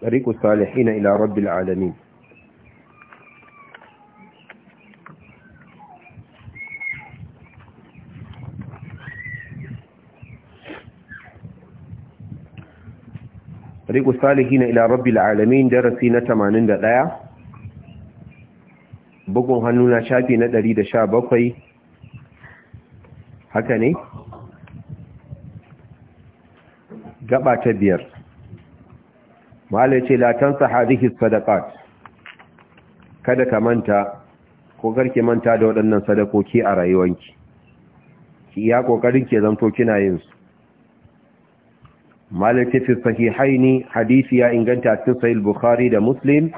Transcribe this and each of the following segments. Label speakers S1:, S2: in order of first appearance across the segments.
S1: طريق الصالحين إلى رب العالمين طريق الصالحين إلى رب العالمين درسي نتمانين دقايا bugun هنونا shafi ندري ɗari da sha ني haka ne? malai ce la tansa hadhihi sadaqat kada ka manta ko garke manta da waɗannan sadakoki a rayuwanki ki ya kokarin ke zanto kina yin su malai ce fi sahihaini hadisi ya inganta cikin sahih bukhari da muslim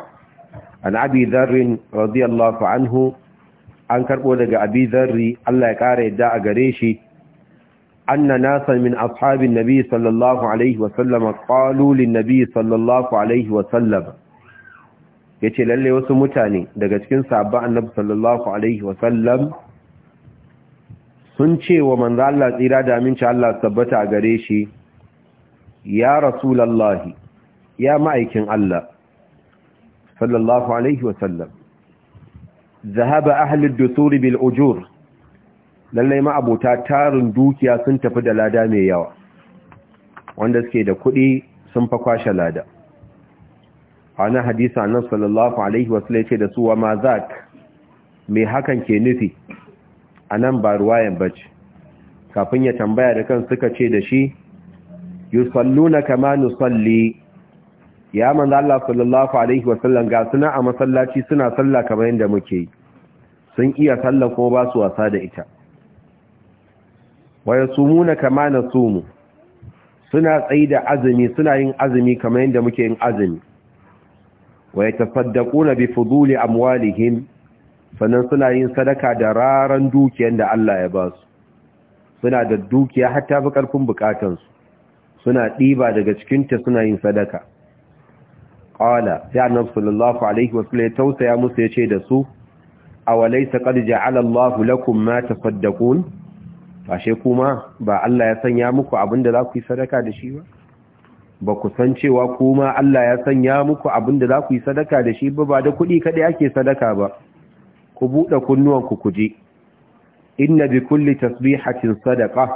S1: an abi dharr radiyallahu anhu an karɓo daga abi dharr Allah ya kare yadda a gare shi أن ناسا من أصحاب النبي صلى الله عليه وسلم قالوا للنبي صلى الله عليه وسلم yace lalle wasu mutane daga cikin sabbin annabi sallallahu alaihi wasallam sun ce wa manzo Allah tsira da aminci Allah a gare shi ya rasulullahi ya ma'aikin Allah sallallahu alaihi wasallam ذهب أهل الدثور بالأجور lallai abota tarin dukiya sun tafi da lada mai yawa wanda suke da kuɗi sun fa kwashe lada wani hadisa nan sallallahu alaihi wasallam ce da suwa ma mazak. mai hakan ke nufi Anan nan ba ruwayan bace kafin ya tambaya da kan suka ce da shi yusalluna kama nusalli ya manzo Allah sallallahu alaihi wasallam ga suna a masallaci suna sallah kamar yadda muke sun iya sallah kuma ba su wasa da ita waya sumuna kama sumu? suna tsayi da azumi suna yin azumi kamar yadda muke yin azumi waya yatasaddaquna bi fuduli amwalihim sannan suna yin sadaka da raran dukiyar da Allah ya ba su suna da dukiya hatta fi karfin bukatansu suna ɗiba daga cikinta suna yin sadaka ƙwala sai annab sallallahu alaihi wasallam ya tausaya musu ya ce da su a walaisa qad ja'ala Allahu lakum ma tasaddaqun ba shi kuma ba Allah ya sanya muku abin da za ku yi sadaka da shi ba ba ku san cewa kuma Allah ya sanya muku abin da za ku yi sadaka da shi ba ba da kuɗi kaɗai ake sadaka ba ku buɗe kunnuwanku ku je inna bi kulli tasbihatin sadaqa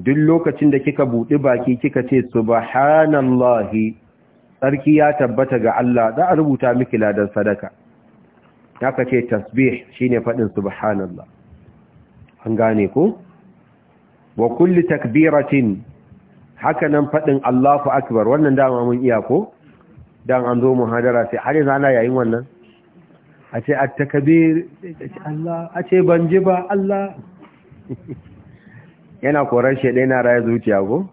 S1: duk lokacin da kika buɗi baki kika ce subhanallahi sarki ya tabbata ga Allah za a rubuta miki ladan sadaka ka ce tasbih shine faɗin subhanallah an gane ko wa kulli takbiratin haka nan faɗin Allahu akbar wannan dama mun iya ko dan an zo muhadara sai har yanzu ana yayin wannan a ce at-takbir Allah a ce ban ji ba Allah yana koran shi na raya zuciya ko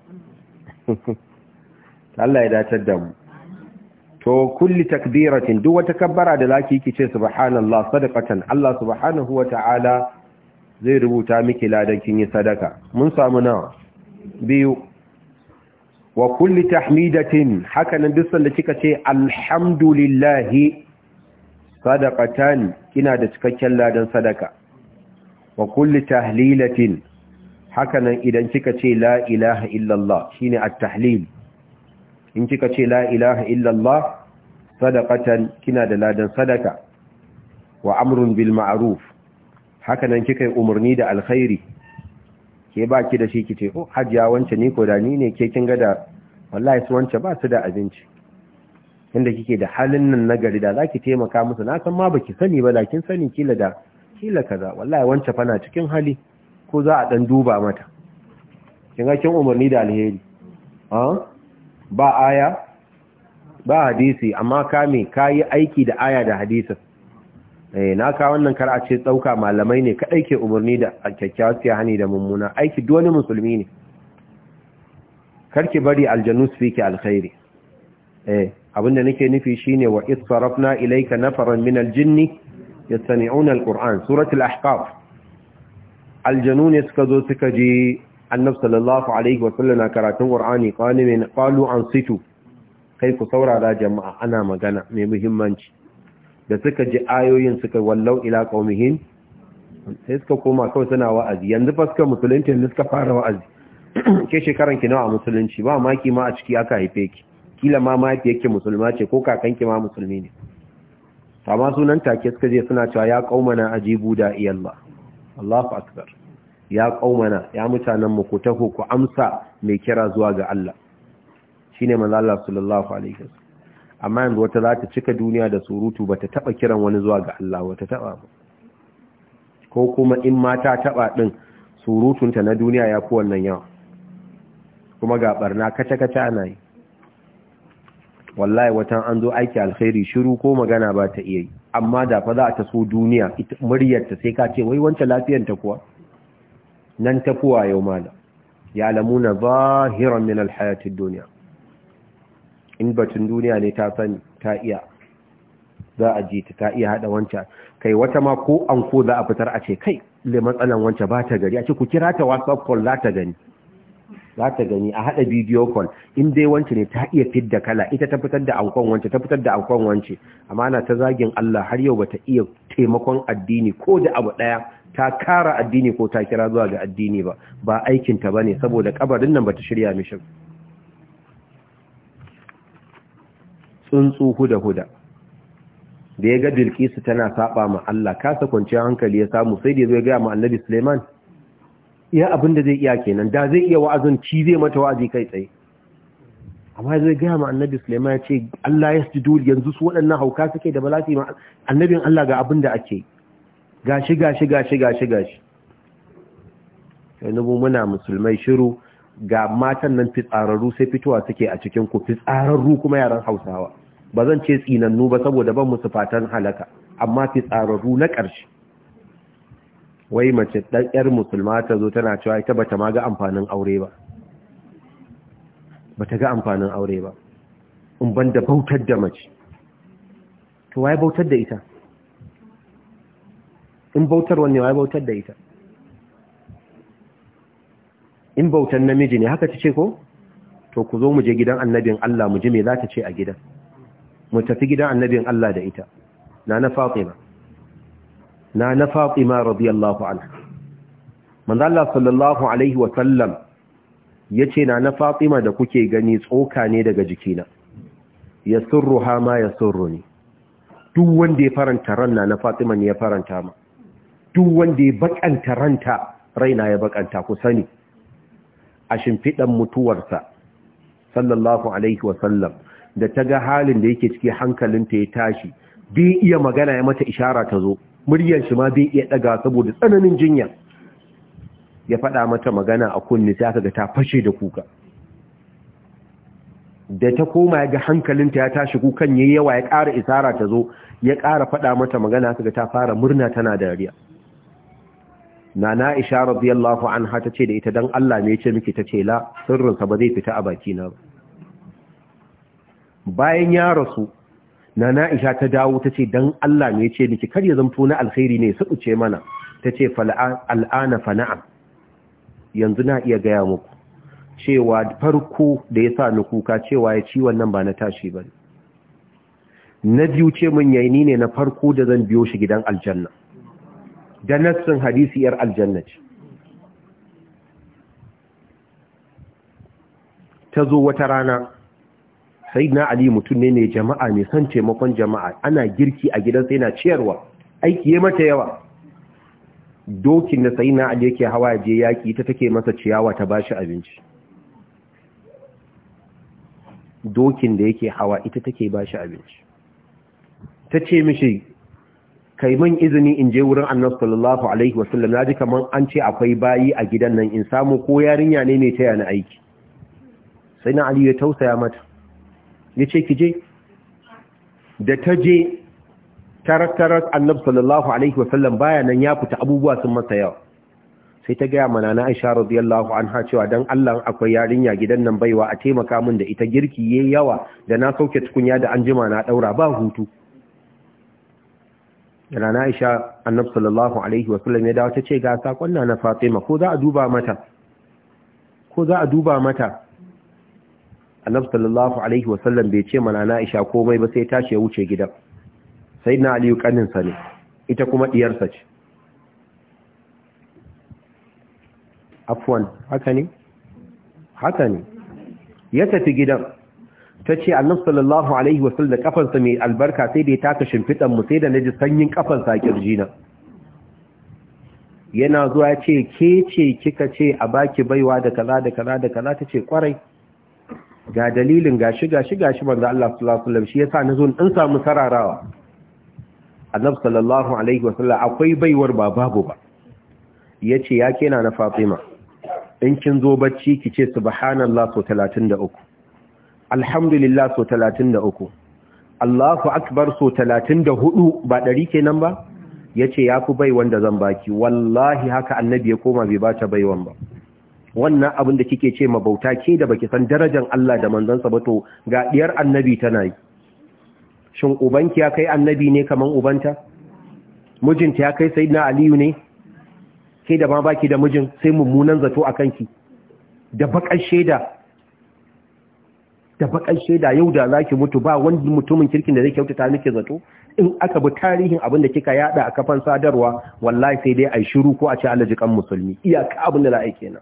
S1: Allah ya datar da mu to kulli takbiratin duk wata kabbara da zaki kice subhanallah sadaqatan Allah subhanahu wa ta'ala zai rubuta miki ladan kin yi sadaka mun samu nawa biyu wa kulli tahmidatin hakanan duk sanda kika ce alhamdulillahi sadaqatan kina da cikakken ladan sadaka wa kulli tahlilatin hakanan idan kika ce la ilaha illallah shine at-tahlil in kika ce la ilaha illallah sadaqatan kina da ladan sadaka wa amrun bil ma'ruf haka nan kika yi umarni da alkhairi ke ba ki da shi ki ce oh hajiya wance ni ko da ni ne ke kin ga da wallahi su wance ba su da abinci inda kike da halin nan na gari da zaki taimaka musu na san ma ba ki sani ba da kin sani kila da kila kaza wallahi wance fa na cikin hali ko za a dan duba mata kin ga kin umarni da alheri ha ah, ba aya ba hadisi amma kame kayi aiki da aya da hadisi Eh, na ka wannan kar a ce tsauka malamai ne kaɗai ke umarni da kyakkyawar siyahani da mummuna aiki duwani musulmi ne Kar ki bari aljanu su fi alkhairi eh, abinda nake nufi shine wa israfna ilayka nafaran min aljinn yastami'una alquran suratul ahqaf aljanu ne suka zo suka je annab sallallahu alaihi wa sallam karatun qur'ani qalu min qalu ansitu kai ku saurara jama'a ana magana mai muhimmanci da suka ji ayoyin suka wallau ila qaumihim sai suka koma kawai suna wa'azi yanzu fa suka musulunci yanzu suka fara wa'azi ke shekaran ki nawa musulunci ba maki ma a ciki aka haife ki kila ma ma yake musulma ce ko kakanki ma musulmi ne amma sunan take suka je suna cewa ya qaumana ajibu da iyalla. Allahu akbar ya qaumana ya mutanen mu ku taho ku amsa mai kira zuwa ga Allah shine manzo Allah sallallahu alaihi wasallam amma yanzu wata za ta cika duniya da surutu ba ta taɓa kiran wani zuwa ga Allah ba ta taɓa ba ko kuma in ma ta taɓa ɗin surutunta na duniya ya fi wannan yawa kuma ga ɓarna kace-kace ana yi wallahi watan an zo aiki alkhairi shiru ko magana ba ta iya yi amma da fa za ta so duniya muryarta sai ka ce wai wancan lafiyar ta kuwa nan ta kuwa yau mala ya lamuna zahiran min alhayatid duniya in batun duniya ne ta sani ta iya za a ji ta iya hada wancan kai wata ma ko an ko za a fitar a ce kai le matsalan wancan ba ta gari a ce ku kira ta whatsapp call za ta gani za ta gani a hada video call in dai wancan ne ta iya fidda kala ita ta fitar da ankon wancan ta fitar da ankon wancan amma na ta zagin Allah har yau bata iya taimakon addini ko da abu daya ta kara addini ko ta kira zuwa ga addini ba ba aikin ta bane saboda kabarin nan bata shirya mishi tsuntsu huda-huda da ya ga bilkisu tana saba ma Allah kasa kwanciyar hankali ya samu sai da ya zo ya gaya ma annabi suleiman iya abin da zai iya kenan da zai iya wa'azin ci zai mata wa'azi kai tsaye amma zai gaya ma annabi suleiman ya ce Allah ya sujudu yanzu su waɗannan hauka suke da bala'i ma annabin Allah ga abin da ake gashi gashi gashi gashi gashi yanzu muna musulmai shiru ga matan nan fitsararru sai fitowa suke a cikin ku fitsararru kuma yaran hausawa ba zan ce tsinannu ba saboda ban musu fatan halaka amma fi tsararru na ƙarshe wai mace ɗan ƴar musulma ta zo tana cewa ita bata ma ga amfanin aure ba bata ga amfanin aure ba in ban da bautar da mace to wai bautar da ita in bautar wanne wai bautar da ita in bautar namiji ne haka ta ce ko to ku zo mu je gidan annabin Allah mu ji me za ta ce a gidan mu tafi gidan annabin Allah da ita nana fatima nana fatima radiyallahu anha manzo Allah sallallahu alaihi wa sallam yace nana fatima da kuke gani tsoka ne daga jikina yasurruha ma yasurruni duk wanda ya faranta ranna na fatima ne ya faranta ma duk wanda ya bakanta ranta raina ya bakanta ku sani a shimfiɗan mutuwarsa sallallahu alaihi wa da ta ga halin da yake ciki hankalinta ya tashi bai iya magana ya mata ishara ta zo muryar shi ma bai iya daga saboda tsananin jinya ya faɗa mata magana a kunni sai ga ta fashe da kuka da ta koma ya ga hankalinta ya tashi kukan yayi yawa ya ƙara isara ta zo ya ƙara faɗa mata magana aka ga ta fara murna tana dariya nana isha radiyallahu anha tace da ita dan Allah ne ya ce miki ce, la sirrinsa ba zai fita a baki na ba bayan ya rasu na na'isha ta dawo ta ce don Allah ne ce miki kar ya zamto na alkhairi ne su ce mana ta ce al'ana fana'a yanzu na iya gaya muku cewa farko da ya sa ni kuka cewa ya ci wannan ba na tashi ba na biyu ce mun yayi ni ne na farko da zan biyo shi gidan aljanna da nassin hadisi yar aljanna ce ta zo wata rana Sai na ali mutum ne ne jama'a ne san taimakon jama'a ana girki a gidansa yana ciyarwa aiki ya mata yawa dokin da na ali yake hawa je yaki ta take masa ciyawa ta bashi abinci dokin da yake hawa ita take bashi abinci ta ce mishi kai man izini in je wurin annabi sallallahu alaihi wasallam naji kaman an ce akwai bayi a gidan nan in samu ko yarinya ne ne ta yana aiki sai na ali ya tausaya mata ya ce ki je da ta je tarar-tarar annab sallallahu alaihi wasallam baya nan ya fita abubuwa sun masa yawa sai ta gaya mana na aisha radiyallahu anha cewa dan Allah akwai yarinya gidan nan baiwa a taimaka min da ita girki yayi yawa da na sauke tukunya da anjima na daura ba hutu yana na aisha annab sallallahu alaihi wasallam ya dawo ta ce ga sakon na Fatima ko za a duba mata ko za a duba mata annabi sallallahu alaihi wasallam bai ce mana na isha komai ba sai tashi ya wuce gidan sayyidina aliyu kaninsa ne ita kuma diyarsa ce afwan haka ne haka ne ya tafi gidan ta ce annabi sallallahu alaihi wasallam kafansa mai albarka sai da ya taka shimfidan mu sai da naji sanyin kafansa a kirjina yana zuwa ce ke ce kika ce a baki baiwa da kaza da kaza da kaza tace kwarai ga dalilin gashi gashi gashi manzo Allah sallallahu alaihi wasallam shi yasa nazo in samu sararawa annabi sallallahu alaihi wasallam akwai baiwar ba babu ba yace ya kena na Fatima in kin zo bacci ki ce subhanallah so 33 alhamdulillah so 33 Allahu akbar so 34 ba dari kenan ba yace ya ku bai wanda zan baki wallahi haka annabi ya koma bai bata baiwan ba wannan abin da kike ce mabauta ke da baki san darajan Allah da manzansa ba to ga diyar annabi tana yi shin ubanki ya kai annabi ne kaman ubanta mijinta ya kai sayyidina aliyu ne ke da ma baki da mijin sai mummunan zato a kanki da bakar sheda da bakar sheda yau da zaki mutu ba wani mutumin kirkin da zai kyautata miki zato in aka bi tarihin abin da kika yada a kafan sadarwa wallahi sai dai ai shiru ko a ce Allah jikan musulmi iyaka abin da za a kenan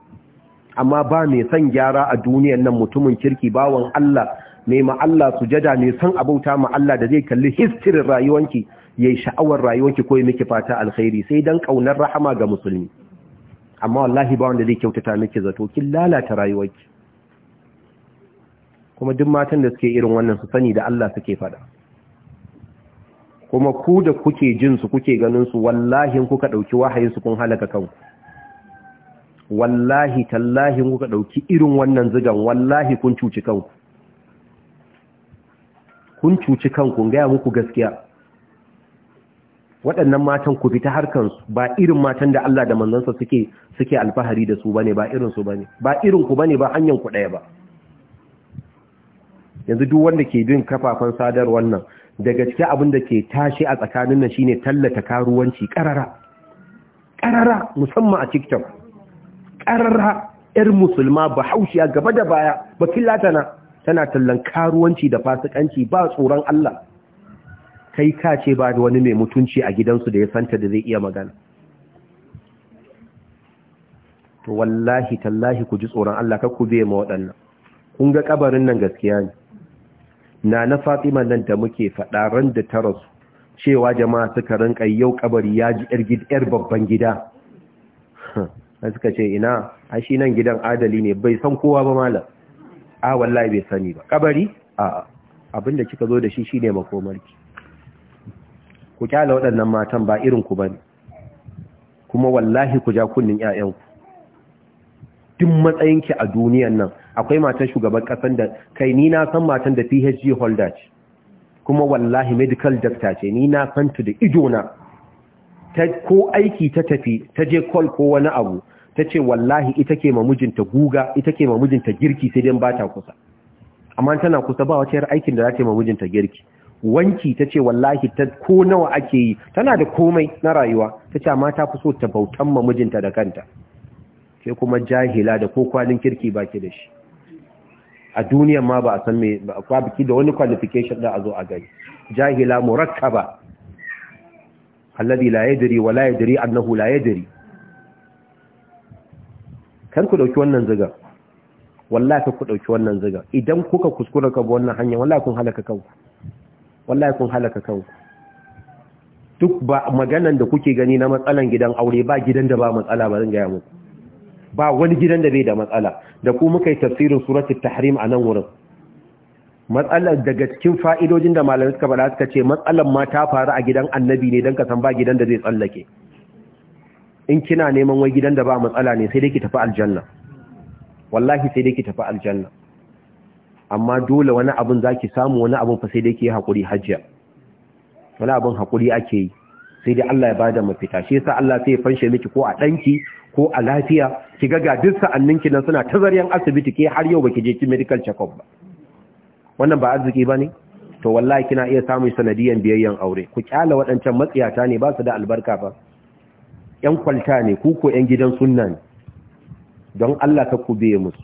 S1: amma ba mai son gyara a duniyan nan mutumin kirki bawan Allah mai ma'alla Allah sujada mai son abauta ma Allah da zai kalli histirin rayuwanki yi sha'awar rayuwanki ko yi miki fata alkhairi sai don ƙaunar rahama ga musulmi amma wallahi ba wanda zai kyautata miki zato kin lalata rayuwarki kuma duk matan da suke irin wannan su sani da Allah suke fada kuma ku da kuke jinsu, kuke ganin su wallahi kuka dauki wahayin su kun halaka kanku wallahi tallahi kuka ɗauki irin wannan zigan wallahi kun cuci kanku kun cuci kanku gaya muku gaskiya waɗannan matan ku fita su ba irin matan da Allah da manzansa suke suke alfahari da su bane ba irin su bane ba irin ku bane ba hanyar ku ɗaya ba yanzu duk wanda ke bin kafafen sadarwar nan daga cikin abin da ke tashi a tsakanin nan shine tallata karuwanci karara karara musamman a TikTok ƙararra 'yar musulma ba a gaba da baya ba filatana tana tallan karuwanci da fasikanci ba tsoron Allah kai ka ce ba da wani mai mutunci a gidansu da ya santa da zai iya magana to wallahi tallahi ku ji tsoron Allah ka ku biye ma waɗannan kun ga kabarin nan gaskiya ne na na Fatima nan da muke faɗa da ta rasu cewa jama'a suka rinka yau kabari ya ji yar babban gida sai suka ce ina a shi nan gidan adali ne bai san kowa ba malam a wallahi bai sani ba kabari a abinda kika zo da shi shine makomarki ku kyala waɗannan matan ba irin ku bane kuma wallahi ku ja kunnin ku. duk matsayin ki a duniyan nan akwai matan shugaban kasan da kai ni na san matan da PhD holder ce kuma wallahi medical doctor ce ni na san ta da ido na ko aiki ta tafi ta je kol ko wani abu ta ce wallahi ita ke ma mijinta guga ita ke ma mijinta girki sai dai ba ta kusa amma tana kusa ba wacce aikin da za ta ma mijinta girki wanki ta ce wallahi ta ko nawa ake yi tana da komai na rayuwa ta ce amma ta fi so ta bautan ma mijinta da kanta sai kuma jahila da ko kwalin kirki baki da shi a duniyan ma ba a san me ba biki da wani qualification da a zo a gani jahila murakkaba alladhi la yadri wa la yadri annahu la yadri kan ku dauki wannan ziga wallahi ka ku dauki wannan ziga idan kuka kuskura ka bi wannan hanya wallahi kun halaka kanku wallahi kun halaka kanku duk ba maganan da kuke gani na matsalan gidan aure ba gidan da ba matsala ba zan ga muku ba wani gidan da bai da matsala da ku muka yi tafsirin suratul tahrim a nan wurin matsalar daga cikin fa'idojin da malamai suka faɗa suka ce matsalar ma ta faru a gidan annabi ne don ka san ba gidan da zai tsallake in kina neman wai gidan da ba matsala ne sai dai ki tafi aljanna wallahi sai dai ki tafi aljanna amma dole wani abin za ki samu wani abin fa sai dai ki yi haƙuri hajjiya wani abin haƙuri ake yi sai dai Allah ya ba da mafita shi yasa Allah sai ya fanshe miki ko a ɗanki ko a lafiya ki ga ga duk sa'anninki nan suna ta zaryan asibiti ke har yau baki je ki medical check up ba wannan ba arziki ba ne to wallahi kina iya samun sanadiyan biyayyen aure ku kyala waɗancan matsiyata ne ba su da albarka ba yan kwalta ne ku ko yan gidan sunna ne don Allah ka ku biye musu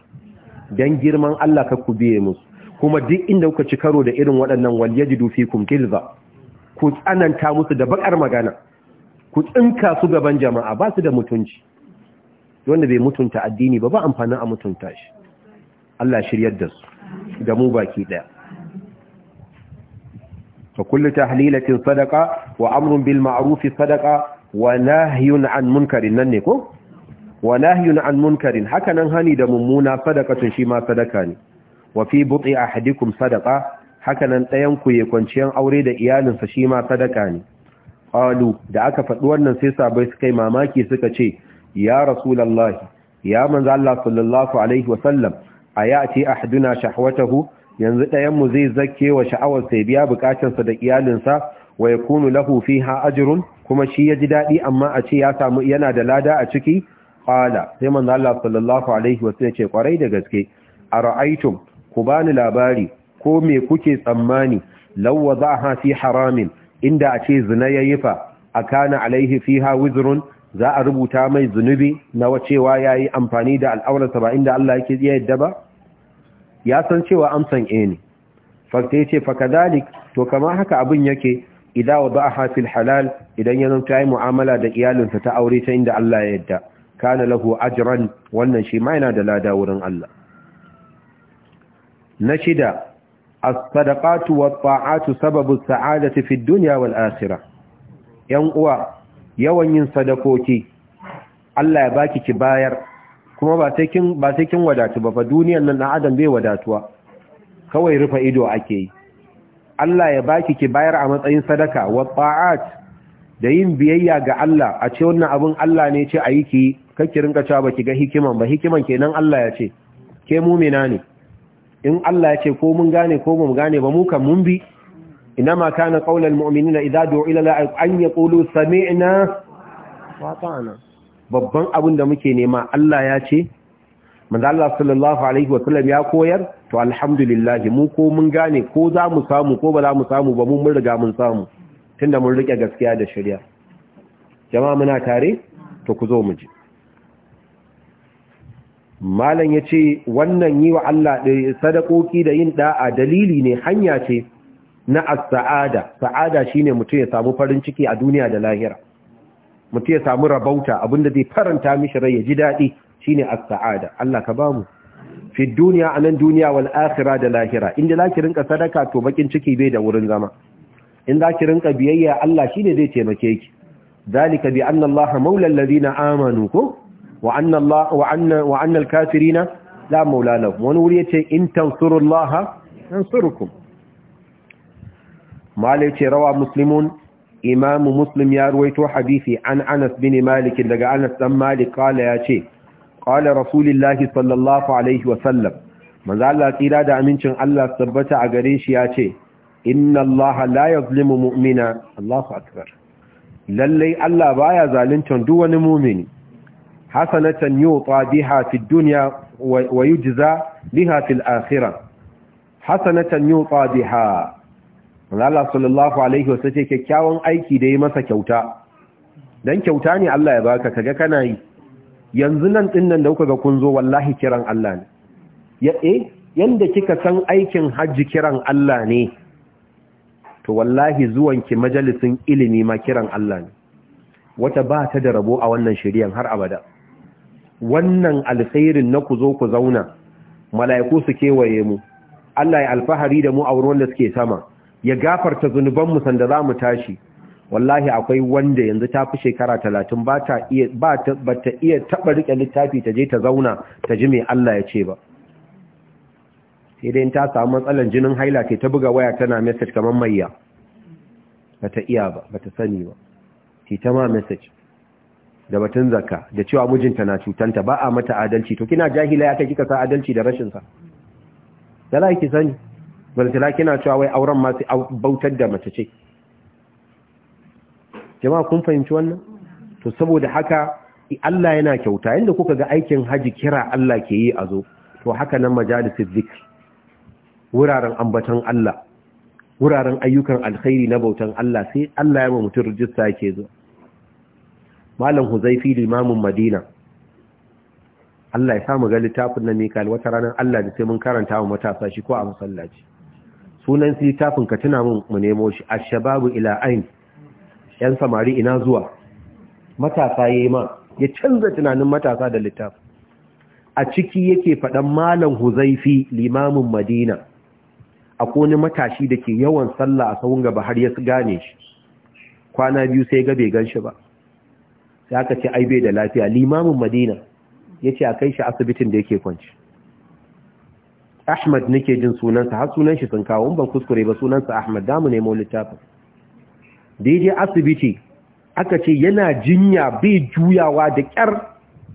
S1: don girman Allah ka ku biye musu kuma duk inda kuka ci karo da irin waɗannan dufi fikum kilza ku tsananta musu da bakar magana ku tsinka su gaban jama'a ba su da mutunci wanda bai mutunta addini ba ba amfanin a mutunta shi Allah shiryar da su da mu baki daya fa kullu tahlilatin sadaqa wa amrun bil ma'ruf sadaqa wa nahyun an munkarin nan ne ko wa nahyun an munkarin haka nan hani da mummuna sadaqatun shi ma sadaka ne wa fi buti ahadikum sadaqa hakanan nan ɗayan ku ya kwanciyan aure da iyalinsa shi ma sadaka ne qalu da aka faɗi wannan sai sabai suka yi mamaki suka ce ya rasulullahi ya manzo Allah sallallahu alaihi wa sallam a yati ahduna shahwatahu yanzu ɗayan mu zai zakke wa sha'awar sai biya bukatarsa da iyalinsa wa yakunu lahu fiha ajrun kuma shi ya ji daɗi amma a ce ya samu yana da lada a ciki qala sai manzo Allah sallallahu alaihi wasallam ce kwarai da gaske ara'aytum ku bani labari ko me kuke tsammani law wada'aha fi haramin inda a ce zina yayifa fa akana alaihi fiha wizrun za a rubuta mai zunubi na wacewa yayi amfani da al'aurarsa ba inda Allah yake yadda ba ya san cewa amsan a ne fakta yace fakadalik to kama haka abin yake idan wa ba'a hafil halal idan ya zanta yi mu'amala da iyalinsa ta aure ta inda Allah ya yadda kana lahu ajran wannan shi ma yana da lada wurin Allah na shida as-sadaqatu wa taatu sababu saadati fid dunya wal-akhirah yan uwa yawan yin sadakoki Allah ya baki ki bayar kuma ba sai kin wadatu ba fa duniyar nan na adam bai wadatuwa kawai rufe ido ake yi Allah ya baki ki bayar a matsayin sadaka wa ta'at da yin biyayya ga Allah a ce wannan abun Allah ne ce ayi ki kake rinka cewa baki ga hikiman ba hikiman kenan Allah ya ce ke mu'mina ne in Allah ya ce ko mun gane ko mun gane ba mu kan mun bi inama kana qaulal mu'minina idza du'ila la an yaqulu sami'na wa ta'ana babban abin da muke nema Allah ya ce manzo Allah sallallahu alaihi wa sallam ya koyar to alhamdulillah mu ko mun gane ko za mu samu ko ba za mu samu ba mun riga mun samu tunda mun rike gaskiya da shari'a jama'a muna tare to ku zo mu ji malam yace wannan yi wa Allah eh, sadakoki da yin da'a dalili ne hanya ce na as-sa'ada sa'ada shine mutum ya samu farin ciki a duniya da lahira mutu ya samu rabauta abinda zai faranta mishi rai ya ji daɗi shine as-sa'ada Allah ka bamu fi duniya anan duniya wal akhirah da lahira inda zaki rinka sadaka to bakin ciki bai da wurin zama in zaki rinka biyayya Allah shine zai taimake ki zalika bi anna Allah maula alladhina amanu ko wa anna Allah wa anna wa anna al-kafirina la maula lahum wani wuri yace in tansurullaha yansurukum malai ce rawa muslimun imamu muslim ya ruwaito hadisi an anas bin malik daga anas dan malik kala ya ce kala rasulillahi sallallahu alaihi wasallam manzo Allah tsira da amincin Allah tabbata a gare shi ya ce inna Allah la yuzlimu mu'mina Allahu akbar lalle Allah baya zaluntan duk wani mu'mini hasanatan yuta biha fi dunya wa yujza biha fil akhirah hasanatan yuta biha Allah sallallahu alaihi wa ce kyakkyawan aiki da yi masa kyauta dan kyauta ne Allah ya baka kaga kana yi yanzu nan din nan da kuka ga kun zo wallahi kiran Allah ne ya eh yanda kika san aikin hajji kiran Allah ne to wallahi ki majalisin ilimi ma kiran Allah ne wata ba ta da rabo a wannan shiryan har abada wannan alkhairin na ku zo ku zauna mala'iku su kewaye mu Allah ya alfahari da mu a wurin da suke sama ya gafarta mu sanda za mu tashi wallahi akwai wanda yanzu ta fi shekara talatin ba ta iya taɓa rike littafi ta je ta zauna ta ji mai Allah ya ce ba sai dai ta samu matsalar jinin haila ce ta buga waya tana message kamar mayya ba ta iya ba ba ta sani ba ce ta ma message da batun zakka da cewa mijinta na cutanta ba a mata adalci to kina jahila ya kai kika sa adalci da rashinsa da la ki sani balantana kina cewa wai auren masu bautar da mace ce jama'a kun fahimci wannan to saboda haka Allah yana kyauta inda kuka ga aikin haji kira Allah ke yi a zo to haka nan majalisar zikr wuraren ambaton Allah wuraren ayyukan alkhairi na bautan Allah sai Allah ya ba mutum rijista yake zo malam huzaifi limamin madina Allah ya samu ga littafin na mikal wata ranar Allah da sai mun karanta wa matasa shi ko a masallaci sunan si tafin ka tuna mun mu nemo shi ashababu ila ain yan samari ina zuwa matasa yayi ma ya canza tunanin matasa da littafi a ciki yake faɗan malam huzaifi limamin madina a kone matashi da ke yawan sallah a sahun gaba har ya gane shi kwana biyu sai ga bai ganshi ba sai aka ce ai bai da lafiya limamin madina yace ce a kai shi asibitin da yake kwanci Ahmad nake jin sunansa har sunan shi sun kawo ban kuskure ba sunansa Ahmad damu ne mu littafin da yaje asibiti aka ce yana jinya bai juyawa da kyar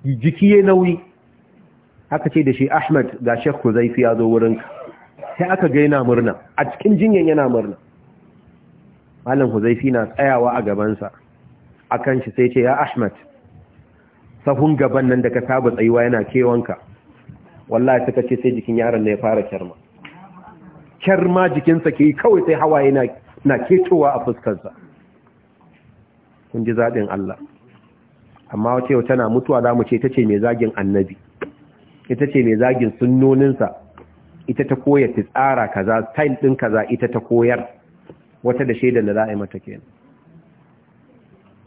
S1: jiki ya nauyi aka ce da shi Ahmad ga Sheikh Kuzaifi ya zo wurin ka, sai aka ga yana murna a cikin jinyan yana murna Malam Kuzaifi na tsayawa a gabansa akan shi sai ce ya Ahmad sahun gaban nan da ka saba tsayuwa yana kewanka wallahi suka ce sai jikin yaron ne ya fara kyarma kyarma jikinsa ke kawai sai hawaye na ketowa a fuskarsa kun ji zaɓin Allah amma wace yau tana mutuwa za mu ce ita ce mai zagin annabi ita ce mai zagin sunnoninsa ita ta koya tsara kaza style ɗin kaza ita ta koyar wata da shaidan da za a yi mata kenan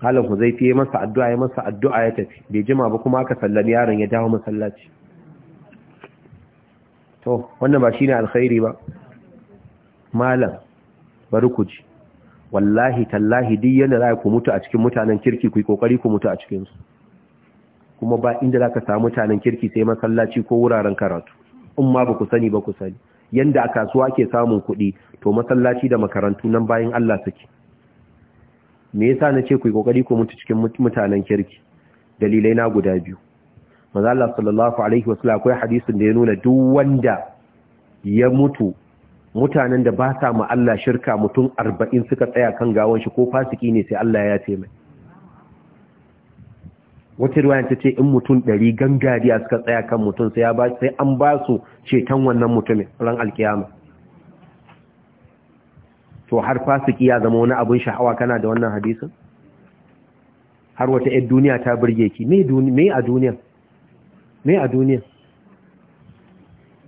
S1: halin ku zai fiye masa addu'a ya masa addu'a ya tafi bai jima ba kuma aka sallami yaron ya dawo masallaci to wannan ba shine alkhairi ba malam bari ku ji wallahi tallahi duk yanda za ku mutu a cikin mutanen kirki ku yi kokari ku mutu a cikin kuma ba inda za ka samu mutanen kirki sai masallaci ko wuraren karatu in ma ba ku sani ba ku sani yanda a kasuwa ke samun kuɗi to masallaci da makarantu nan bayan Allah suke me yasa na ce ku yi kokari ku mutu cikin mutanen kirki dalilai na guda biyu Maza Allah sallallahu alaihi wasallam akwai hadisin da ya nuna duk wanda ya mutu mutanen da ba sa ma Allah shirka mutum arba'in suka tsaya kan gawan shi ko fasiki ne sai Allah ya ce mai wata riwaya ta ce in mutum 100 gangariya suka tsaya kan mutum sai an ba su ceton wannan mutumin ran alkiyama to har fasiki ya zama wani abin sha'awa kana da wannan hadisin har wata 'yar duniya ta burge ki me a duniya me a duniya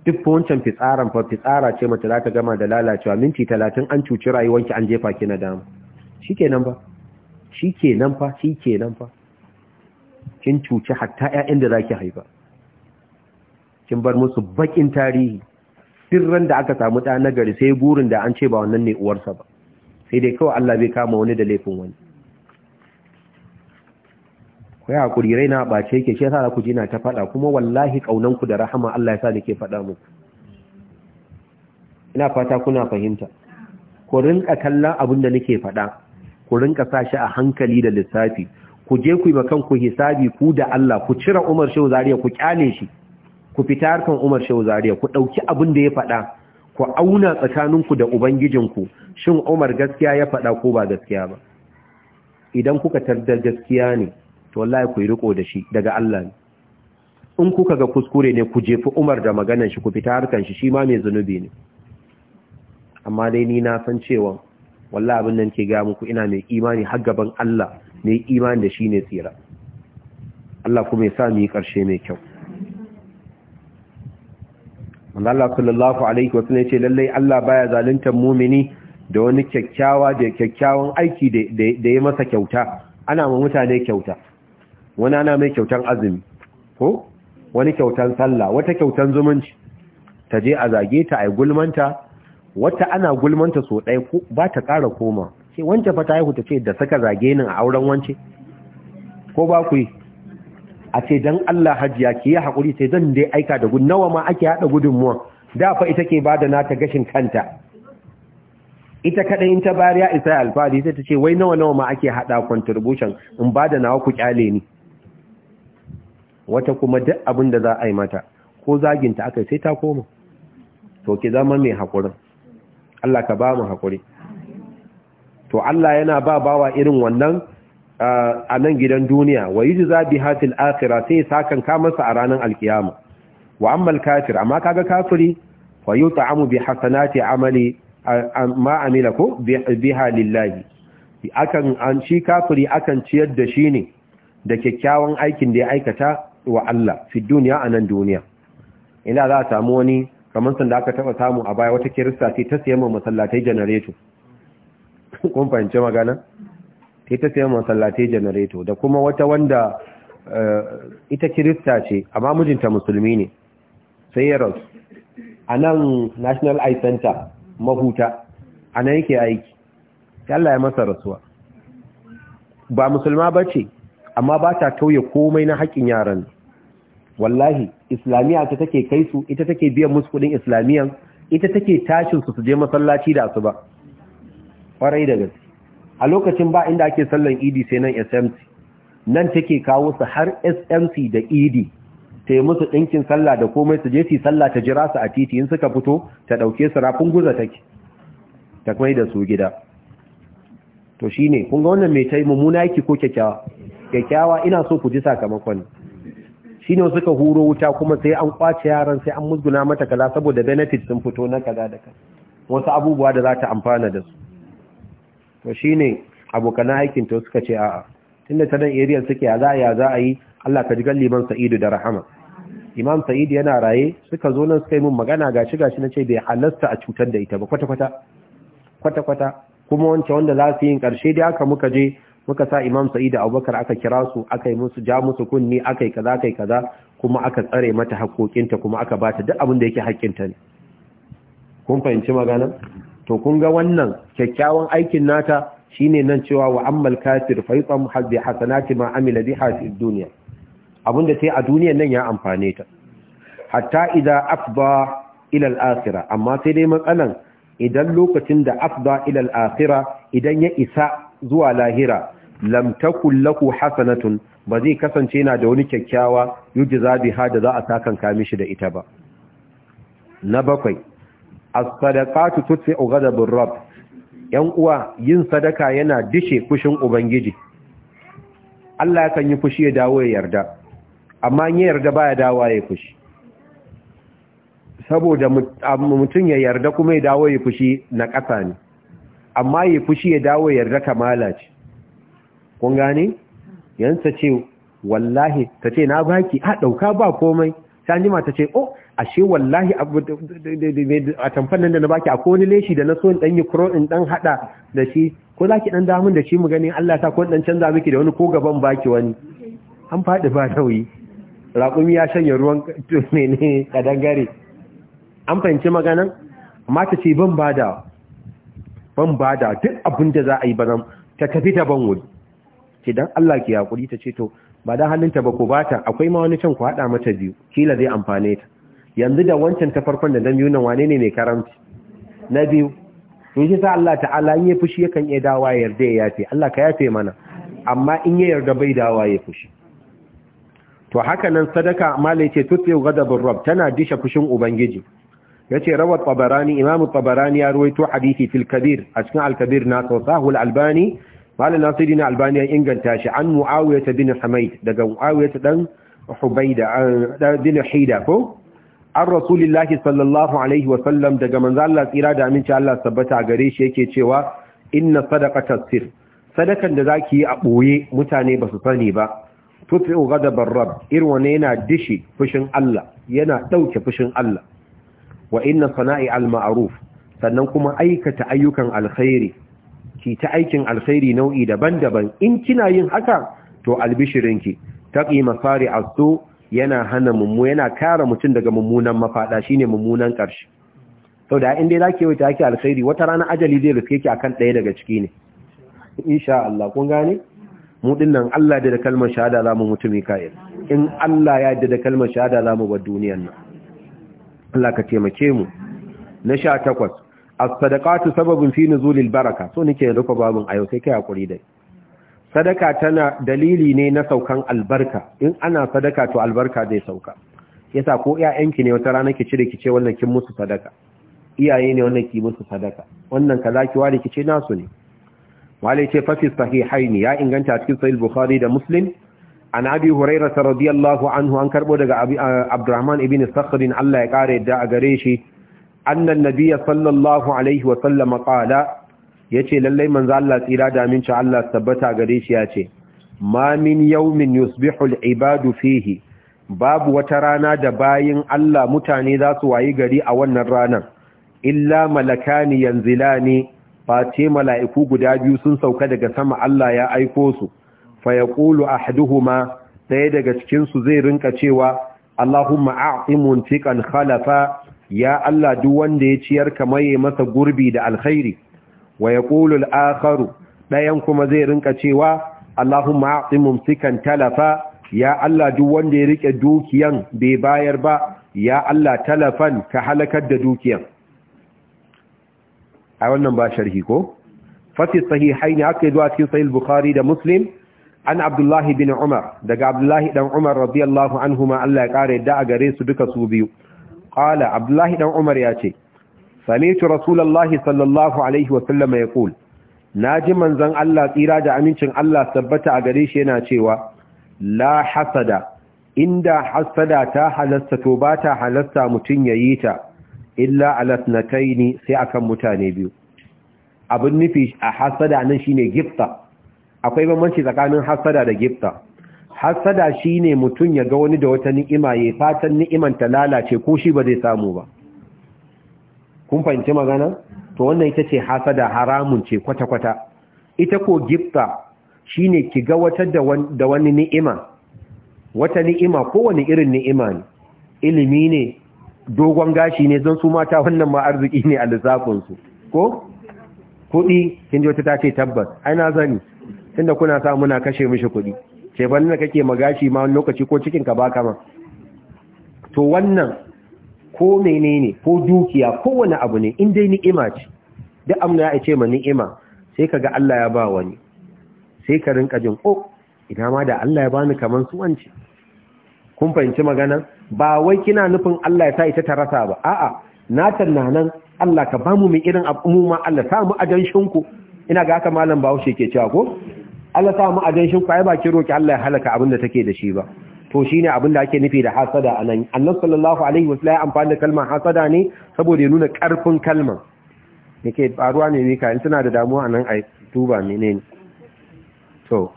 S1: duk wancan fitsaran fa fitsara ce mace za ta gama da lalacewa minti talatin an cuci rayuwanki an jefa ki na dama shi nan ba shi nan fa shi ke nan fa kin cuci hatta 'ya'yan da za ki haifa kin bar musu bakin tarihi sirran da aka samu ɗa nagari sai burin da an ce ba wannan ne uwarsa ba sai dai kawai Allah bai kama wani da laifin wani ku yi haƙuri raina ce yake shi yasa ku ji na ta faɗa kuma wallahi ƙaunanku da rahama Allah ya sa nake faɗa muku ina fata kuna fahimta ku rinka kallon abin da nake faɗa ku rinka sa shi a hankali da lissafi ku je ku yi makan ku hisabi ku da Allah ku cire Umar Shehu Zariya ku kyale shi ku fita harkan Umar Shehu Zariya ku ɗauki abin da ya faɗa ku auna tsakaninku da ubangijinku shin Umar gaskiya ya faɗa ko ba gaskiya ba idan kuka tarda gaskiya ne to wallahi ku yi riko da shi daga Allah ne in kuka ga kuskure ne ku jefi Umar da maganar shi ku fita harkan shi shi ma mai zunubi ne amma dai ni na san cewa wallahi abin nan ke ga muku ina mai imani har gaban Allah ne imani da shi ne tsira Allah kuma ya sa mu yi karshe mai kyau manzo Allah sallallahu alaihi wa sallam yace lalle Allah baya zaluntar mu'mini da wani kyakkyawa da kyakkyawan aiki da ya masa kyauta ana ma mutane kyauta wani ana mai kyautan azumi ko wani kyautan sallah wata kyautan zumunci ta je a zage ta ai gulmanta wata ana gulmanta so ɗaya ba ta ƙara koma ce wance fa ta haihu ta ce da saka zage nin a auren wance ko ba ku yi a ce dan Allah hajiya ki yi haƙuri sai zan dai aika da gudu nawa ma ake haɗa gudunmuwa da fa ita ke bada nata gashin kanta ita kaɗai in ta bariya isa alfahari sai ta ce wai nawa nawa ma ake haɗa contribution in bada nawa ku kyale ni wata kuma duk abin da za a yi mata ko zaginta aka sai ta koma to ki zama mai haƙurin Allah ka ba mu haƙuri to Allah yana ba bawa irin wannan a nan gidan duniya wa yi za bi hatil akira sai sakan masa a ranar alkiyama wa ammal kafir amma kaga kafiri fa yut'amu bi hasanati amali ma amila ko biha lillahi akan an shi kafiri akan ciyar da shi ne da kyakkyawan aikin da ya aikata wa Allah fi duniya a nan duniya ina za a samu wani kamar sanda aka taba samu a baya wata kirista ce ta siyan masallatai janareto kun fahimci magana ta ta siyan masallatai janareto da kuma wata wanda eh, ita kirista ce amma mijinta musulmi ne sai ya rasu a nan national eye center mahuta a nan yake aiki Allah ya masa rasuwa ba musulma ba ce amma ba ta tauye komai na haƙƙin yaran wallahi islamiya ta take kai su ita take biyan musu kudin islamiyyan ita take tashin su su je masallaci da su ba kwarai da gaske a lokacin ba inda ake sallan idi sai nan smc nan take kawo su har smc da idi ta yi musu ɗinkin sallah da komai su je su sallah ta jira su a titi in suka fito ta ɗauke su rafin guza take ta kuma da su gida to shine kun ga wannan mai ta yi mummuna yake ko kyakkyawa kyakkyawa ina so ku ji sakamakon shi shine suka huro wuta kuma sai an kwace yaran sai an musguna mata kala saboda benefit sun fito na kaza da kaza wasu abubuwa da za ta amfana da su to shine abokan aikin to suka ce a'a tunda ta nan area suke ya za ya za a yi Allah ka ji liman Sa'idu da rahama Imam Sa'idu yana raye suka zo nan suka yi mun magana gashi gashi na ce bai halasta a cutar da ita ba kwata kwata kwata kwata kuma wancan wanda za su yi karshe da aka muka je muka sa imam sa'id da abubakar aka kira su aka yi musu ja musu kunni aka yi kaza aka yi kaza kuma aka tsare mata haƙoƙinta kuma aka bata duk abin da yake haƙƙinta ne kun fahimci magana to kun ga wannan kyakkyawan aikin nata shine nan cewa wa ammal kafir fa yutam hasanati ma amila biha fi dunya abinda tayi a duniyar nan ya amfane ta hatta idza afda ila al-akhirah amma sai dai matsalan idan lokacin da afda ila al-akhirah idan ya isa zuwa lahira lam takul lahu hasanatun ba zai kasance yana da wani kyakkyawa yujza biha da za a sakanka shi da ita ba na bakwai as-sadaqatu tudfi'u ghadabur rabb yan uwa yin sadaka yana dishe kushin ubangiji Allah ya kan yi fushi ya dawo ya yarda amma in ya yarda baya dawo ya fushi saboda mutum ya yarda kuma ya dawo ya fushi na ƙasa ne amma ya fushi ya dawo ya yarda kamala ce kun gane yansa ce wallahi ta ce na baki a ɗauka ba komai sai jima ta ce oh ashe wallahi a tamfan nan da na baki akwai wani leshi da na so in dan yi kuro in dan hada da shi ko za ki dan damun da shi mu gani Allah ta ko dan canza miki da wani ko gaban baki wani an fadi ba nauyi raƙumi ya shanye ruwan ne dangare? an fahimci maganan amma ta ce ban bada ban bada duk abin da za a yi bazan ta tafi ta ban wuri ke dan Allah ke hakuri ta ce to ba da halinta ba ko bata akwai ma wani can ku hada mata biyu kila zai amfane ta yanzu da wancan ta farkon da dan biyu nan wane ne mai karamci na biyu in shi sa Allah ta'ala in ya fushi yakan iya dawa ya yarda ya yafe Allah ka yafe mana amma in ya yarda bai dawa ya fushi to haka nan sadaka malai ce tutsi ghadabur rabb tana disha fushin ubangiji yace rawat tabarani imam tabarani ya ruwaito hadisi fil kabir a cikin al kabir na sahul albani malam nasiru na albani inganta shi an mu'awiyar ta bin hamaid daga mu'awiyar ta dan hubaida eh, bin haida ko an rasulillahi sallallahu alaihi wasallam daga manzo Allah tsira da aminci Allah sabbata gare shi yake cewa inna sadaqata sir sadakan da zaki yi a boye mutane ba su sani ba tufi'u ghadabar rabb irwane yana dishi fushin Allah yana dauke fushin Allah wa inna sana'i al-ma'ruf sannan kuma aikata ayyukan alkhairi ki ta aikin alkhairi nau'i daban-daban in kina yin haka to albishirinki taqi fari asu yana hana mummu yana kare mutum daga mummunan mafada shine mummunan karshe sau da inda za ki yake alkhairi wata rana ajali zai riske ki akan ɗaya daga ciki ne insha Allah kun gane mu dinnan Allah da kalmar shahada zamu mutu kai in Allah ya yarda da kalmar shahada zamu bar duniyar nan Allah ka taimake mu na 18 as-sadaqatu sababun fi nuzulil baraka so nake rufe babun ayo sai kai hakuri dai sadaka tana dalili ne na saukan albarka in ana sadaka to albarka zai sauka yasa ko iyayenki ne wata rana ki cire ki wannan kin musu sadaka iyaye ne wannan ki musu sadaka wannan kaza ki ware ki nasu ne wale ce fa fi sahihain ya inganta a cikin sahih bukhari da muslim an abi hurairah radiyallahu anhu an karbo daga abi abdurrahman ibn sakhr Allah ya kare da a gare shi annan Nabiya sallallahu alaihi wa sallam ya ce lallai manzo Allah tsira da aminci Allah tabbata gare shi yace ma min yawmin yusbihul ibadu fihi babu wata rana da bayin Allah mutane za su wayi gari a wannan ranar illa malakani yanzilani face mala'iku guda biyu sun sauka daga sama Allah ya aiko su fa yaqulu ahaduhuma ɗaya daga cikin su zai rinka cewa Allahumma a'ti muntiqan khalafa ya Allah duk wanda ya ciyar ka maye masa gurbi da alkhairi wa yaqulu al-akharu dayan kuma zai rinka cewa Allahumma a'ti mumsikan talafa ya Allah duk wanda ya rike dukiyan bai bayar ba ya Allah talafan ka halakar da dukiyan ai wannan ba sharhi ko fasi sahihaini aka zuwa cikin sahih bukhari da muslim an abdullahi bin umar daga abdullahi dan umar radiyallahu anhuma Allah ya kare da a gare su duka su biyu qala abdullahi dan umar ya ce sami'tu rasulullahi sallallahu alaihi wa sallam yaqul naji manzon Allah tsira da amincin Allah tabbata a gare shi yana cewa la hasada inda hasada ta halasta to ba ta halasta mutun yayi ta illa alatnataini sai akan mutane biyu Abun nufi a hasada nan shine gifta akwai bambanci tsakanin hasada da gifta hasada shine mutum ya ga wani da wata ni'ima ya fatan ni'iman ta lalace ko shi ba zai samu ba kun fahimci magana to wannan ita ce hasada haramun ce kwata-kwata ita ko gifta shine ki ga wata da wani ni'ima wata ni'ima kowane irin ni'ima ne ilimi ne dogon gashi ne don su mata wannan ma arziki ne a lissafinsu ko kuɗi kin ji wata ta ce tabbas ai na zani tunda kuna sa muna kashe mishi kuɗi Sai da kake magashi ma lokaci ko cikin ka baka ma to wannan ko menene ko dukiya ko wani abu ne in dai ni'ima ce duk amna ya ce ma ni'ima sai kaga Allah ya ba wani sai ka rinka jin ko oh, ina ma da Allah ya bani kaman su wance kun fahimci magana ba wai kina nufin Allah ya sa ita ta rasa ba a'a na tanna nan Allah ka bamu mu irin abu mu ma Allah sa mu ina ga haka malam Bahaushe ke cewa ko Allah sa mu ajin ganshin ku ai ba ki roki Allah ya halaka abin da take da shi ba to shine abin da ake nufi da hasada anan Annabi sallallahu alaihi wasallam amfani da kalmar hasada ne saboda ya nuna karfin kalmar yake faruwa ne mika in tana da damuwa anan ai tuba menene to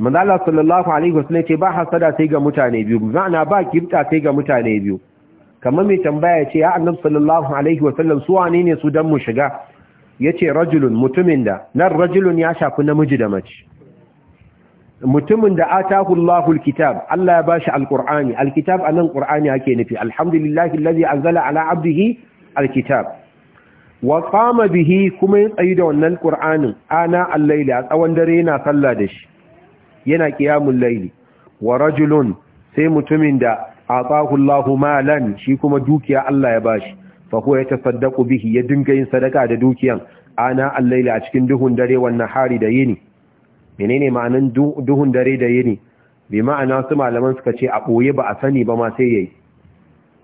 S1: Allah sallallahu alaihi wasallam ce ba hasada sai ga mutane biyu ma'ana ba kibta sai ga mutane biyu kamar mai tambaya ce ya annabi sallallahu alaihi wasallam su wane ne su dan mu shiga Ya ce rajulun mutumin da nan rajulun ya shafi namiji da mace mutumin da atahu Allahul kitab Allah ya bashi alkur'ani alkitab anan ƙur'ani ake nufi alhamdulillahi allazi zala ala abdihi alkitab wa qama bihi kuma ya tsayi da wannan kur'anin ana allaili, a tsawon dare yana sallah da shi yana qiyamul laili wa rajulun sai mutumin da atahu Allahu malan shi kuma dukiya Allah ya bashi fa huwa yatasaddaqu bihi ya dinga yin sadaka da dukiyan ana al-laila a cikin duhun dare wannan hari da yini menene ma'anan duhun dare da yini bi ma'ana su malaman suka ce a boye ba a sani ba ma sai yayi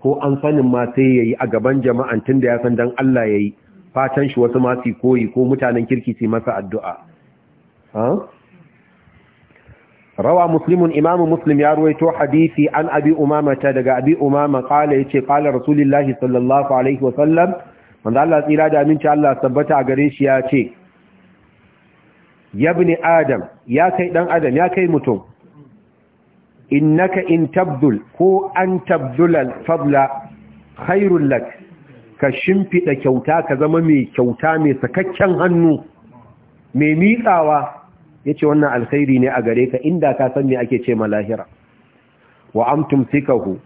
S1: ko an sanin ma sai yayi a gaban jama'an tunda ya san dan Allah yayi fatan shi wasu ma su koyi ko mutanen kirki su masa addu'a ha rawa muslimun imamu muslim ya ruwaito hadisi an abi umama daga abi umama kala ya ce kala rasulullahi sallallahu alaihi wasallam wanda Allah tsira da aminci Allah sabbata a gare shi ya ce yabni adam ya kai dan adam ya kai mutum innaka in tabdul ko an tabdulal fabla khairul ka shimfida kyauta ka zama mai kyauta mai sakakken hannu mai mitsawa Ya ce wannan alkhairi ne a gare ka inda ka san me ake ce lahira. wa amtum sikahu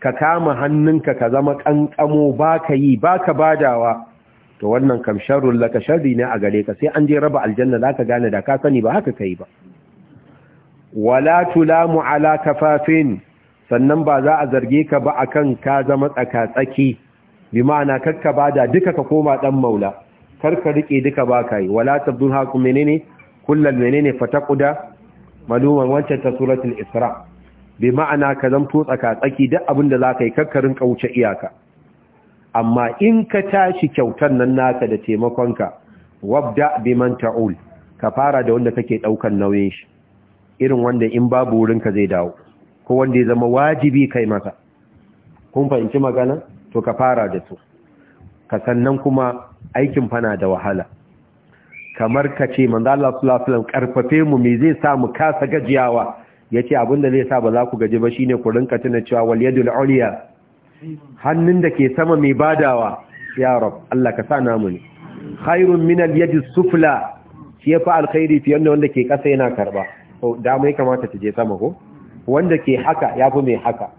S1: ka kama hannunka ka zama kankamo baka yi baka badawa to wannan kam sharrul laka sharri ne a gare ka sai an je raba aljanna ka gane da ka sani ba haka kai ba wala tulamu ala kafafin sannan ba za a zarge ka ba akan ka zama tsakatsaki bi ma'ana karka bada duka ka koma dan maula karka rike duka ba kai wala tabdun hakum menene kullal menene fataquda maluman wancan ta suratul isra bi ma'ana ka zamto tsaka tsaki duk abin da za ka yi kakkarin kauce iyaka amma in ka tashi kyautar nan naka da taimakonka wabda man ta'ul ka fara da wanda kake daukan nauyin shi irin wanda in babu wurin ka zai dawo ko wanda ya zama wajibi kai masa kun fahimci magana to ka fara da su ka sannan kuma aikin fana da wahala kamar ka ce manzo Allah sallallahu alaihi wasallam karfafe mu me zai sa mu kasa gajiyawa yace abinda zai sa ba za ku gaji ba shine ku rinka tuna cewa wal yadul ulya hannun da ke sama mai badawa ya rab Allah ka sana mu ne khairun min al yadis sufla shi yafi alkhairi fiye da wanda ke kasa yana karba to da mai kamata ta je sama ko wanda ke haka yafi mai haka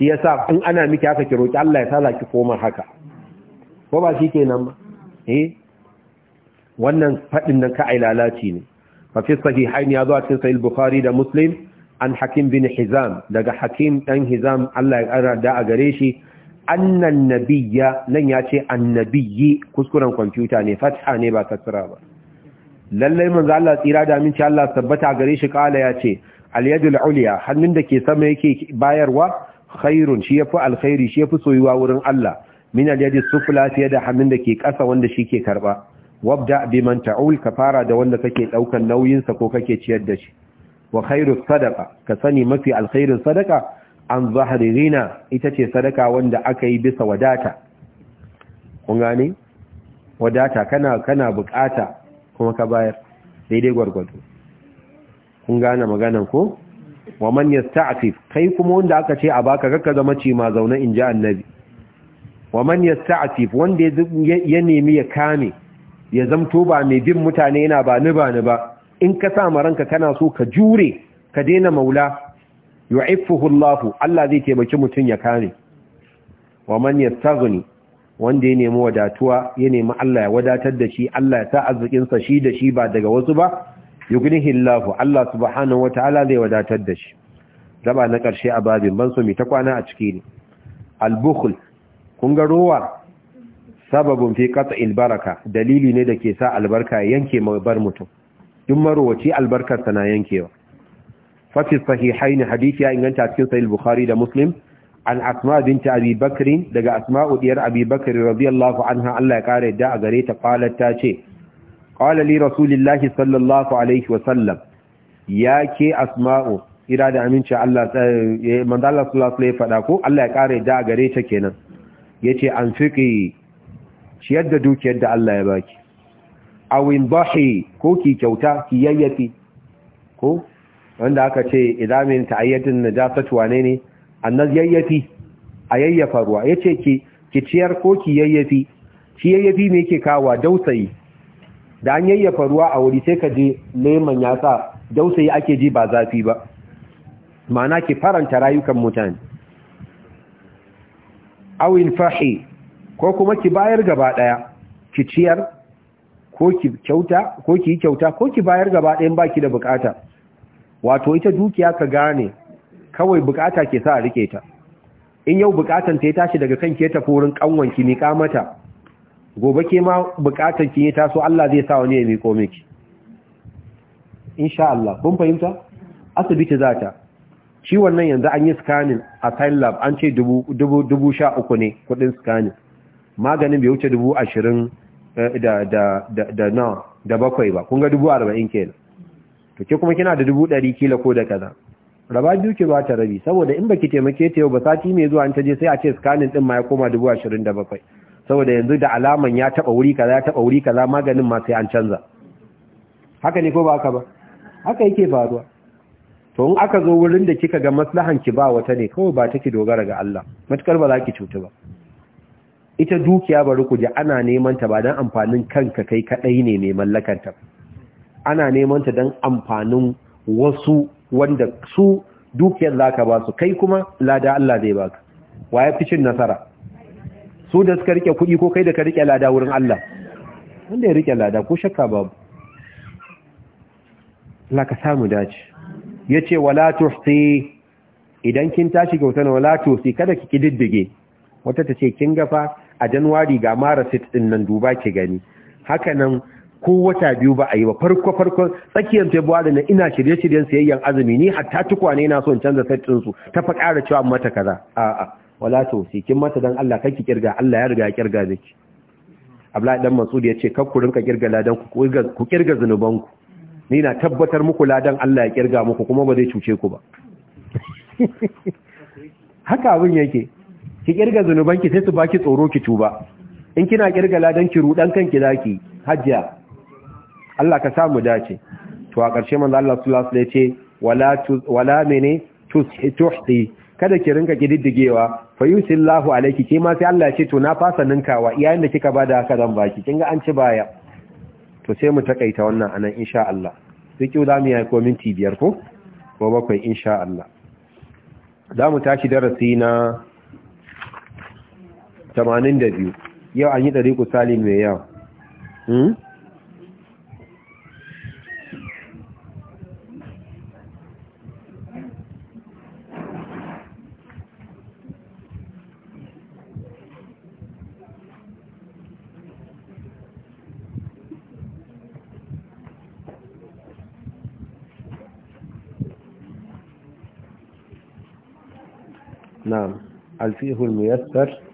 S1: shi yasa in ana miki haka ki roki Allah ya sa ki koma haka ko ba shi kenan ba eh wannan faɗin nan ka lalaci ne fafi sahihain ya zo a cikin sahih bukhari da muslim an hakim bin hizam daga hakim dan hizam Allah ya kara da a gare shi annan nabiyya nan ya ce annabiyyi kuskuren kwamfuta ne fatha ne ba kasra ba lallai manzo Allah tsira da aminci Allah tabbata gare shi kala ya ce al-yadul ulya hannun da ke sama yake bayarwa khairun shi yafi khairi shi yafi soyuwa wurin Allah min al-yadi sufla fiye da hannun da ke ƙasa wanda shi ke karba wabda biman ta'ul ka fara da wanda kake daukan nauyinsa ko kake ciyar da shi wa khairu sadaqa ka sani mafi alkhairu sadaqa an zahri rina ita ce sadaka wanda aka yi bisa wadata kun gane wadata kana kana bukata kuma ka bayar daidai gwargwado kun gane maganan ko wa man yasta'fif kai kuma wanda aka ce a baka kakka zama ci ma zauna in ji annabi wa man yasta'fif wanda ya nemi ya kame ya zamto ba mai bin mutane yana ba ni ba ni ba in ka sa ranka kana so ka jure ka daina maula yu'iffuhu Allah Allah zai taimaki mutun ya kare wa man yastaghni wanda ya nemi wadatuwa ya nemi Allah ya wadatar da shi Allah ya sa arzikin sa shi da shi ba daga wasu ba yugnihi Allah Allah subhanahu wataala zai wadatar da shi Raba na karshe a babin ban so mi ta kwana a ciki ne al-bukhl kun ga rowa Sababin fi qat'il baraka dalili ne da ke sa albarka yanke bar mutum duk marowaci albarkar sa na yankewa fa fi sahihain Hadithi ya inganta cikin sahih bukhari da muslim an asma Binta abi bakr daga asma'u diyar abi bakr radiyallahu anha Allah ya kare da a gare ta qalat ta ce qala li rasulillahi sallallahu alaihi wa sallam ya ke asma'u ira da aminci Allah eh, manzo Allah sallallahu ya fada ko Allah ya kare da a gare ta kenan yace an fiqi ciyar da dukiyar da Allah ya baki awin bahi ko ki kyauta ki yayyafi ko wanda aka ce idamin ta'ayyatin najasatu wane ne annaz yayyafi a yayyafa ruwa yace ki ki ciyar ko ki yayyafi ki yayyafi me yake kawa dausayi da an yayyafa ruwa a wuri sai ka je leman sa dausayi ake ji ba zafi ba ma'ana ki faranta rayukan mutane awin fahi ko kuma ki bayar gaba ɗaya ki ciyar ko ki kyauta ko ki yi kyauta ko ki bayar gaba ɗayan baki da bukata wato ita dukiya ka gane kawai bukata ke sa a rike ta in yau bukatan ta ya tashi daga kan ke tafi wurin kanwan ki mika mata gobe ke ma bukatan ki ya taso Allah zai sa wani ya miƙo miki insha Allah kun fahimta asibiti zata ciwon nan yanzu an yi scanning a Thailand an ce dubu sha uku ne kudin scanning maganin bai wuce dubu ashirin eh, da na da bakwai ba kun ga dubu arba'in kenan to ke kuma kina da dubu ɗari kila ko da kaza raba biyu ke ba ta rabi saboda in baki taimake ta yau ba sati mai zuwa in ta je sai a ce scanning din ma ya koma dubu ashirin da bakwai saboda yanzu da alaman ya taɓa wuri kaza ya taɓa wuri kaza maganin ma sai an canza haka ne ko ba haka ba haka yake faruwa to in aka zo wurin da kika ga maslahan ki ba wata ne kawai ba ki dogara ga Allah matukar ba za ki cuta ba ita dukiya bari ku ji ana neman ta ba don amfanin kanka kai kadai ne mai mallakar ta ana neman ta don amfanin wasu wanda su dukiyar zaka ba su kai kuma lada Allah zai baka waye fi nasara su da suka rike kuɗi ko kai da ka rike lada wurin Allah wanda ya rike lada ko shakka ba Allah ka samu dace yace wala tuhsi idan kin tashi kyautar wala tuhsi kada ki kididdige wata ta ce kin gafa a januwari ga mara sit din nan duba ke gani haka nan ko wata biyu ba a yi ba farko farko tsakiyar da na ina shirye-shiryen sayayyan azumi ni hatta tukwane na son canza set din su ta fa ƙara cewa mata kaza a'a wala to kin mata dan Allah kake kirga Allah ya riga kirga zaki Abdullahi dan Masud ya ce kar ku rinka kirga ladan ku ku kirga zanuban ku ni na tabbatar muku ladan Allah ya kirga muku kuma ba zai cuce ku ba haka abin yake ki kirga ki sai su baki tsoro ki tuba in kina kirga ladan ki rudan kanki zaki hajjia Allah ka samu dace to a ƙarshe manzo Allah sallallahu alaihi wasallam ya ce wala wala mene tuhti kada ki rinka kididdigewa fa yusillahu alayki kima sai Allah ya ce to na fasa ninkawa iyayen da kika bada haka zan baki kin ga an ci baya to sai mu takaita wannan anan insha Allah sai kiwo zamu yi ko minti biyar ko ko bakwai insha Allah Za mu tashi darasi na tamanin da biyu yau an yi ɗariƙu sali mai yau نعم الفيه الميسر